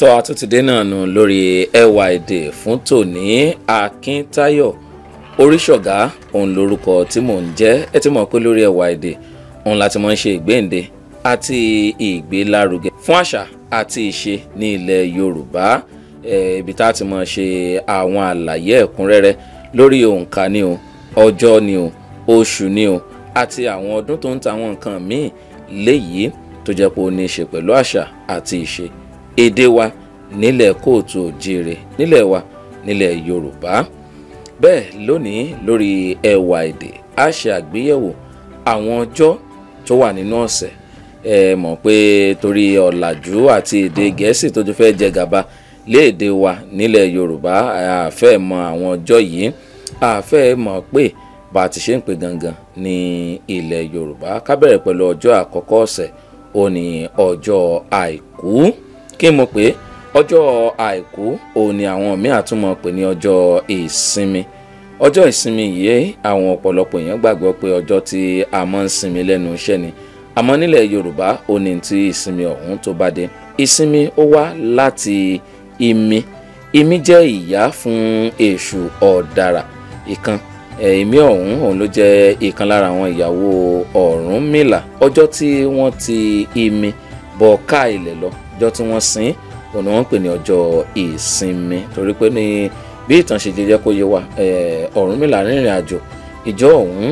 tó àtúntìdé náà nù lórí ẹwà èdè fún tòní akíntayọ̀ oríṣọ̀gá òun lorúkọ tí mò ń jẹ́ ẹ ti mọ̀ pé lórí ẹwà èdè òun láti mọ̀ ń ṣe ìgbéǹde àti ìgbélárugẹ fún àṣà àti ìṣe ní ilẹ̀ yorùbá ibi tá a ti mọ̀ ṣe àwọn àlàyé ẹ̀kúnrẹ́rẹ́ lórí òǹkà ni o ọjọ́ ni o oṣù ni o àti àwọn ọdún tó ń ta àwọn nǹkan míì léyìí tó jẹ́ pé ó ní í ṣe pẹ̀lú àṣà àti ìṣe èdè wa nílẹ̀ kóòtù òjìire nílẹ̀ wa nílẹ̀ yorùbá bẹ́ẹ̀ lónìí lórí ẹwà èdè a ṣe àgbéyẹ̀wò àwọn ọjọ́ tó wà nínú ọ̀sẹ̀ ẹ mọ̀ pé torí ọ̀làjú àti èdè gẹ̀ẹ́sì tó tún fẹ́ jẹ gàba léèdè wa nílẹ̀ yorùbá àfẹ́ mọ àwọn ọjọ́ yìí àfẹ́ mọ̀ pé bá a ti ṣe ń pè gangan ní ilẹ̀ yorùbá ká pẹ̀lú ọjọ́ àkọ́kọ́ ọ̀sẹ̀ ó ọjọ́ àìkú kí n mọ̀ pé ọjọ́ àìkú òun ni àwọn míì àtúmọ̀ pè ní ọjọ́ ìsinmi ọjọ́ ìsinmi yìí àwọn ọ̀pọ̀lọpọ̀ èèyàn gbàgbọ́ pé ọjọ́ tí a máa ń sinmi lẹ́nu iṣẹ́ ni àmọ́ nílẹ̀ Yorùbá ó ní ti ìsinmi ọ̀hún tó bá dé ìsinmi ó wá láti imi. ìmí jẹ́ ìyá fún èṣù ọ̀dàrà ìkan ìmí ọ̀hún òun ló jẹ́ ìkan lára àwọn ìyàwó Ọ̀rúnmìlà ọjọ́ tí wọ́n ti ìmí bọ́ ká ilẹ̀ lọ ọjọ́ tí wọ́n sin òun ni wọ́n ń pè ní ọjọ́ ìsinmi torí pé ní bí ìtàn ṣe jẹjẹ kó yé wa Ọ̀rúnmìlà rìnrìn àjò ìjọ ọ̀hún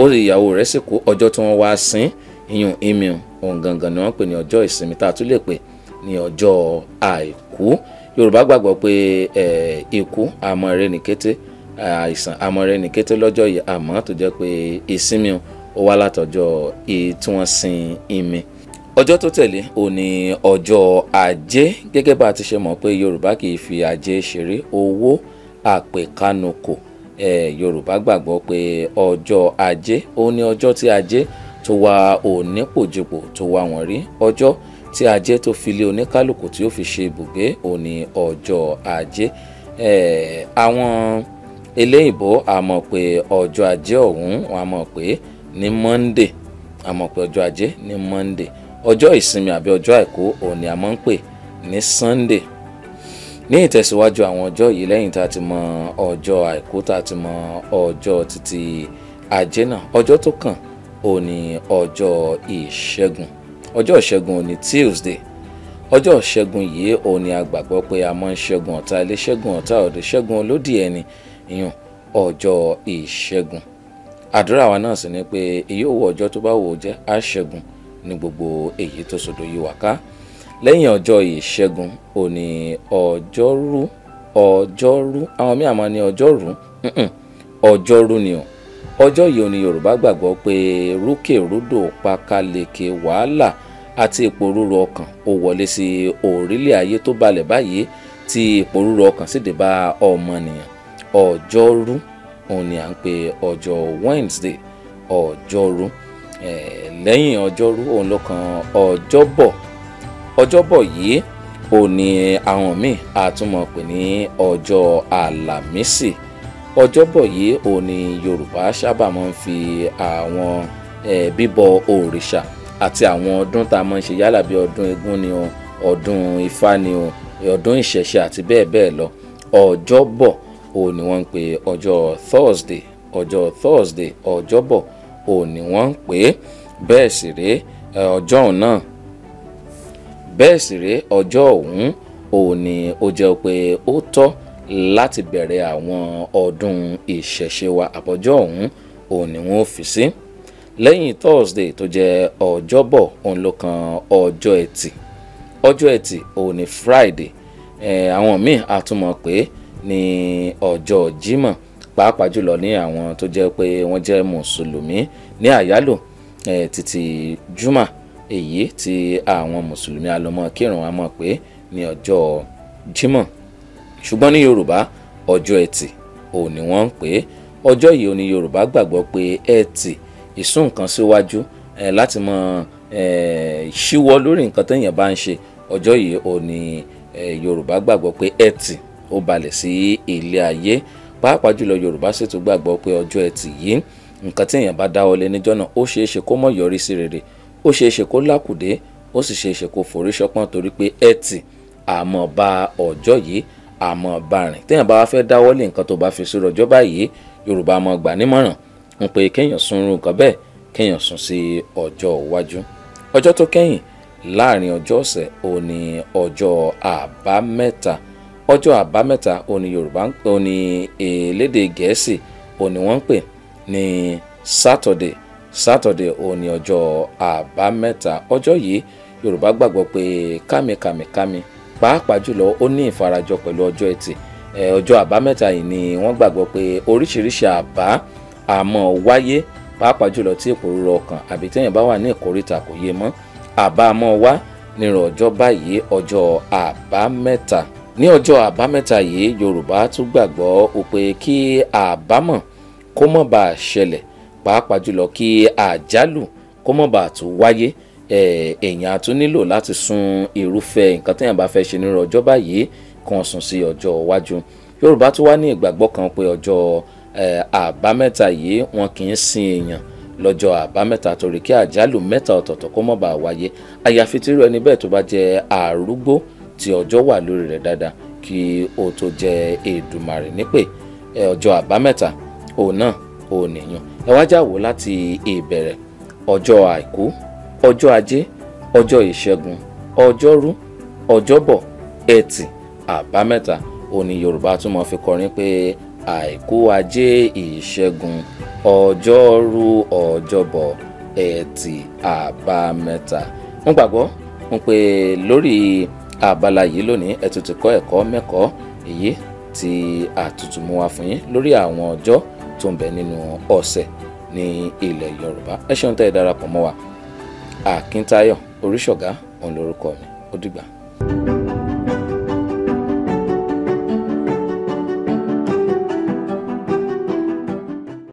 ó rí ìyàwó rẹ̀ sì kú ọjọ́ tí wọ́n wá sin iyùn imiun òun gangan ni wọ́n ń pè ní ọjọ́ ìsinmi tá a tún lè pè ní ọjọ́ àìkú Yorùbá gbàgbọ́ pé ikú àmọ́ rẹ̀ ní kété àìsàn àmọ́ rẹ̀ ní kété lọ́jọ́ yìí àmọ́ tó jẹ́ pé ìsinmi ó wá látọjọ́ tí wọ́n sin imi ọjọ́ tó tẹ̀lé ò ní ọjọ́ ajé gẹ́gẹ́ bá a ti ṣe mọ̀ pé yorùbá kì í fi ajé ṣeré owó àpèkánukò ẹ̀ yorùbá gbàgbọ́ pé ọjọ́ ajé ó ní ọjọ́ tí ajé tó wà onípòjìpò tó wà wọ́n rí ọjọ́ tí ajé tó fi lé oníkálukú tí ó fi ṣe ibùgbé ò ní ọjọ́ ajé ẹ̀ àwọn eléyìnbó a mọ̀ pé ọjọ́ ajé ọ̀hún wọn a mọ̀ pé ní monday a mọ̀ pé ọjọ́ ajé ní monday ọjọ́ ìsinmi àbí ọjọ́ àìkú òun ni a máa ń pè ní Sunday ní ìtẹ̀síwájú àwọn ọjọ́ yìí lẹ́yìn tá a ti mọ ọjọ́ àìkú tá a ti mọ ọjọ́ títí ajé náà ọjọ́ tó kàn òun ni ọjọ́ ìṣẹ́gun ọjọ́ ìṣẹ́gun ni Tuesday ọjọ́ ìṣẹ́gun yìí òun ni a gbàgbọ́ pé a máa ń ṣẹ́gun ọ̀tá ilé ṣẹ́gun ọ̀tá òde ṣẹ́gun olódì ẹni ìyún ọjọ́ ìṣẹ́gun àdúrà wa náà sì ni pé èyí òwò ọjọ́ tó bá wò ó jẹ́ á ṣẹ́gun ní gbogbo èyí tó sọdọ yìí wá ká lẹ́yìn ọjọ́ ìṣẹ́gun òní ọjọ́rú ọjọ́rú àwọn míì àmọ́ ní ọjọ́rú ọjọ́rú ni o ọjọ́ yìí òní yorùbá gbàgbọ́ pé rúkèrúdò pákáleke wàhálà àti ìpòrúru ọkàn ó wọlé sí orílẹ̀ ayé tó balẹ̀ báyìí tí ìpòrúru ọkàn sì dé bá ọmọnìyàn ọjọ́rú òun à ń pè ọjọ́ Wednesday ọjọ́rú. Oh, lẹ́yìn ọjọ́rú òun ló kan ọjọ́bọ̀ ọjọ́bọ̀ yìí ò ní àwọn míì àtúmọ̀ pè ní ọjọ́ àlàmísì ọjọ́bọ̀ yìí ò yorùbá sábà máa ń fi àwọn bíbọ òrìṣà àti àwọn ọdún tá a máa ń ṣe yálà bí ọdún egún ni o ọdún ifá ni o ọdún ìṣẹ̀ṣe àti bẹ́ẹ̀ bẹ́ẹ̀ lọ ọjọ́bọ̀ ò ní wọ́n ń pè ọjọ́ thursday ọjọ́ thursday ọjọ́bọ̀ òní wọ́n ń pè é bẹ́ẹ̀ sì rèé ọjọ́ òun náà bẹ́ẹ̀ sì rèé ọjọ́ òun òní ó jẹ́ pé ó tọ́ láti bẹ̀rẹ̀ àwọn ọdún ìṣẹ̀ṣe wa àbọ̀jọ́ òun òní wọ́n fi sí lẹ́yìn Thursday tó jẹ́ ọjọ́bọ̀ òun ló kan ọjọ́ ẹtì ọjọ́ ẹtì òní Friday àwọn míì á tún mọ̀ pé ní ọjọ́ Jímọ̀ pàápàá jùlọ ní àwọn tó jẹ́ pé wọ́n jẹ́ mùsùlùmí ní àyálò títí juma èyí tí àwọn mùsùlùmí alọmọ kírun a mọ̀ pé ní ọjọ́ jímọ̀ ṣùgbọ́n ní yorùbá ọjọ́ ẹtì ò ní wọ́n ń pè é ọjọ́ yìí ò ní yorùbá gbàgbọ́ pé ẹtì ìsún nǹkan síwájú láti mọ ṣíwọ́ lórí nǹkan téèyàn bá ń ṣe ọjọ́ yìí ò yorùbá gbàgbọ́ pé ẹtì ó balẹ̀ sí ilé ayé pàápàá jùlọ yorùbá sì tún gbàgbọ́ pé ọjọ́ ẹtì yìí nǹkan tí èèyàn bá dáwọ́ lé níjọ́ náà ó ṣeé ṣe kó mọ̀ yọrí sí rere ó ṣeé ṣe kó lákùdé ó sì ṣeé ṣe kó forí ṣọpọ́n torí pé ẹtì àmọ́ bá ọjọ́ yìí àmọ́ bá rìn téèyàn bá wá fẹ́ dáwọ́ lé nǹkan tó bá fi sórí ọjọ́ báyìí yorùbá mọ̀ gbà nímọ̀ràn ń pe kéèyàn sún irú nǹkan bẹ́ẹ̀ kéèyàn sún sí ọjọ́ iwájú ọjọ́ tó kẹ́yìn láàrin ọjọ́ ọ̀sẹ̀ òní ọjọ́ àbámẹ́ta ọjọ́ àbámẹ́ta òní yorùbá òní èlédè e, gẹ̀ẹ́sì òní wọ́n ń pè ní saturday saturday òní ọjọ́ àbámẹ́ta ọjọ́ yìí yorùbá gbàgbọ́ pé kámikàmìkámi pàápàá jùlọ ó ní ìfarajọ pẹ̀lú ọjọ́ ẹtì ọjọ́ àbámẹ́ta yìí ni wọ́n gbàgbọ́ pé oríṣiríṣi àbá àmọ́ wáyé pàápàá jùlọ tí ìpòrúurú ọkàn àbí téèyàn bá wà ní ìkórìtà kò yé mọ́ àbá àmọ́ wá nírọ̀ ọjọ́ báyìí ọjọ́ àbámẹ́ta ní ọjọ́ àbámẹ́ta yìí yorùbá tún gbàgbọ́ òpè kí àbámọ̀ kó mọ̀ bá a ṣẹlẹ̀ pàápàá jùlọ kí àjálù kó mọ̀ bá a tún wáyé èèyàn á tún nílò láti sun irúfẹ́ nǹkan téèyàn bá fẹ́ ṣe nírú ọjọ́ báyìí kan sùn sí ọjọ́ iwájú yorùbá tún wá ní ìgbàgbọ́ kan pé ọjọ́ àbámẹ́ta yìí wọn kì í sin èèyàn lọ́jọ́ àbámẹ́ta torí kí àjálù mẹ́ta ọ̀tọ̀ọ̀tọ̀ kó mọ̀ bá a wáyé àyàfi tí irú ẹni bẹ́ẹ̀ tó bá jẹ́ arúgbó tí ọjọ́ wà lórí rẹ̀ dáadáa kí o tó jẹ Èdùmàrè nípè ọjọ́ àbámẹ́ta òun náà òun nìyàn ẹ wá já wò láti ìbẹ̀rẹ̀ ọjọ́ àìkú ọjọ́ ajé ọjọ́ ìṣẹ́gun ọjọ́rú ọjọ́bọ̀ ẹtì àbámẹ́ta òní yorùbá tún mọ̀ fi kọrin pé àìkú ajé ìṣẹ́gun ọjọ́rú ọjọ́bọ̀ ẹtì àbámẹ́ta mo gbàgbọ́ mo pé lórí abala yìí lónìí ẹ tún ti kọ́ ẹ̀kọ́ mẹ́kọ̀ọ́ èyí tí àtútù mú wá fún yín lórí àwọn ọjọ́ tó ń bẹ nínú ọ̀sẹ̀ ní ilẹ̀ Yorùbá ẹ ṣeun tẹ́ ẹ darapọ̀ mọ́ wa Akíntayọ̀ Oríṣọ̀gá òun lórúkọ mi ó dìgbà.